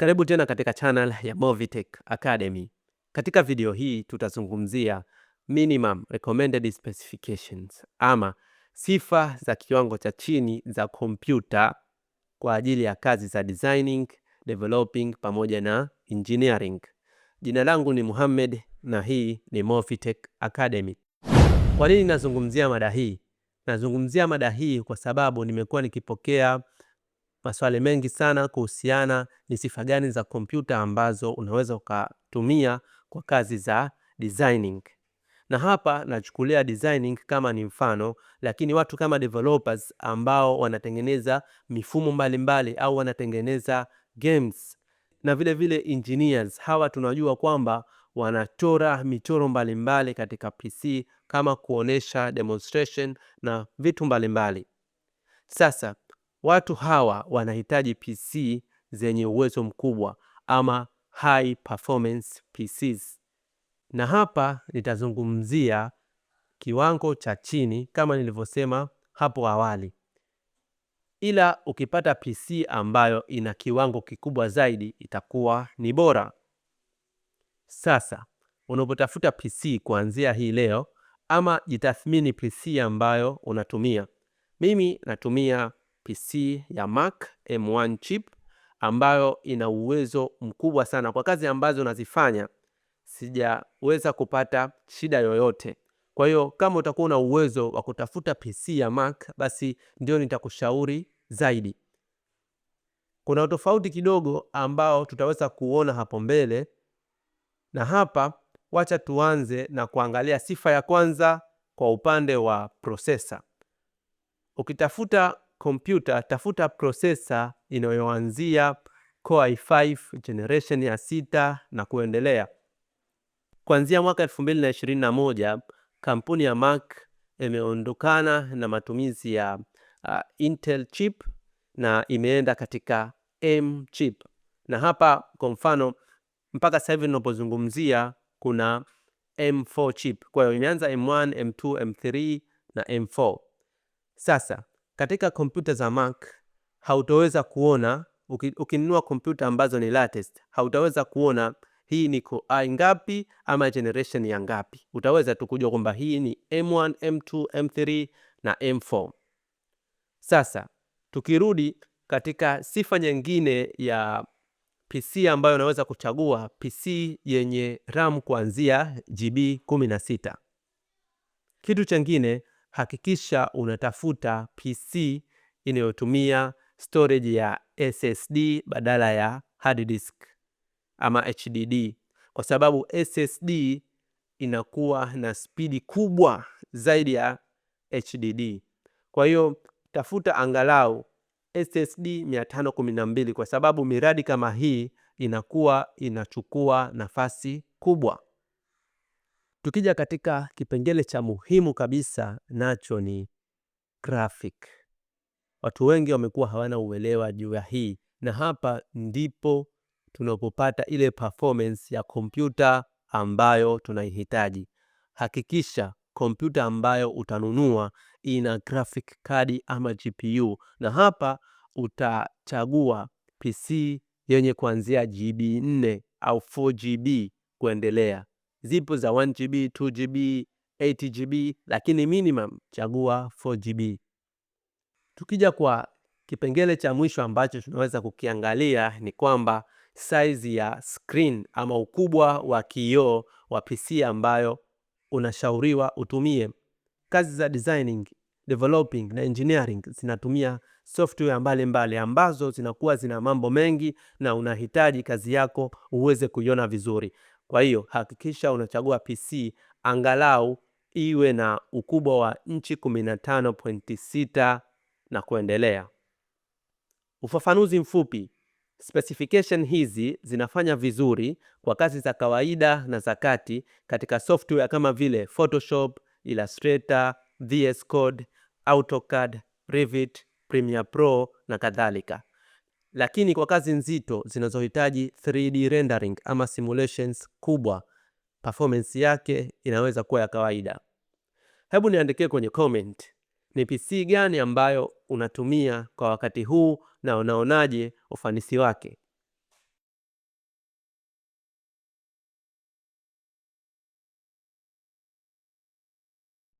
Karibu tena katika channel ya Movitech Academy. Katika video hii tutazungumzia minimum recommended specifications ama sifa za kiwango cha chini za kompyuta kwa ajili ya kazi za designing, developing pamoja na engineering. Jina langu ni Muhammad na hii ni Movitech Academy. Kwa nini nazungumzia mada hii? Nazungumzia mada hii kwa sababu nimekuwa nikipokea maswali mengi sana kuhusiana ni sifa gani za kompyuta ambazo unaweza ukatumia kwa kazi za designing, na hapa nachukulia designing kama ni mfano, lakini watu kama developers ambao wanatengeneza mifumo mbalimbali mbali, au wanatengeneza games na vile vile engineers, hawa tunajua kwamba wanachora michoro mbalimbali mbali katika PC kama kuonesha demonstration na vitu mbalimbali mbali. Sasa Watu hawa wanahitaji PC zenye uwezo mkubwa ama high performance PCs, na hapa nitazungumzia kiwango cha chini kama nilivyosema hapo awali, ila ukipata PC ambayo ina kiwango kikubwa zaidi itakuwa ni bora. Sasa unapotafuta PC kuanzia hii leo, ama jitathmini PC ambayo unatumia. Mimi natumia PC ya Mac M1 chip ambayo ina uwezo mkubwa sana kwa kazi ambazo nazifanya, sijaweza kupata shida yoyote. Kwa hiyo kama utakuwa na uwezo wa kutafuta PC ya Mac, basi ndio nitakushauri zaidi. Kuna tofauti kidogo ambao tutaweza kuona hapo mbele, na hapa wacha tuanze na kuangalia sifa ya kwanza kwa upande wa prosesa. Ukitafuta kompyuta, tafuta prosesa inayoanzia Core i5 generation ya sita na kuendelea. Kuanzia mwaka 2021 kampuni ya Mac imeondokana na matumizi ya uh, Intel chip na imeenda katika M chip, na hapa kwa mfano mpaka sasa hivi ninapozungumzia kuna M4 chip. Kwa hiyo imeanza M1, M2, M3 na M4. Sasa katika kompyuta za Mac hautaweza kuona ukinunua kompyuta ambazo ni latest, hautaweza kuona hii ni Core i ngapi ama generation ya ngapi. Utaweza tu kujua kwamba hii ni M1, M2, M3 na M4. Sasa tukirudi katika sifa nyingine ya PC ambayo unaweza kuchagua, PC yenye RAM kuanzia GB 16. Kitu chengine hakikisha unatafuta PC inayotumia storage ya SSD badala ya hard disk ama HDD, kwa sababu SSD inakuwa na spidi kubwa zaidi ya HDD. Kwa hiyo tafuta angalau SSD 512 kwa sababu miradi kama hii inakuwa inachukua nafasi kubwa. Tukija katika kipengele cha muhimu kabisa, nacho ni graphic. Watu wengi wamekuwa hawana uelewa juu ya hii, na hapa ndipo tunapopata ile performance ya kompyuta ambayo tunaihitaji. Hakikisha kompyuta ambayo utanunua ina graphic card ama GPU, na hapa utachagua PC yenye kuanzia GB 4 au 4GB kuendelea zipo za 1GB, 2GB, 8GB lakini minimum chagua 4GB. Tukija kwa kipengele cha mwisho ambacho tunaweza kukiangalia ni kwamba size ya screen ama ukubwa wa kioo wa PC ambayo unashauriwa utumie. Kazi za designing, developing na engineering zinatumia software mbalimbali mbali, ambazo zinakuwa zina mambo mengi na unahitaji kazi yako uweze kuiona vizuri. Kwa hiyo hakikisha unachagua PC angalau iwe na ukubwa wa inchi 15.6 na kuendelea. Ufafanuzi mfupi. Specification hizi zinafanya vizuri kwa kazi za kawaida na za kati katika software kama vile Photoshop, Illustrator, VS Code, AutoCAD, Revit, Premiere Pro na kadhalika lakini kwa kazi nzito zinazohitaji 3D rendering ama simulations kubwa, performance yake inaweza kuwa ya kawaida. Hebu niandikie kwenye comment ni PC gani ambayo unatumia kwa wakati huu na unaonaje ufanisi wake?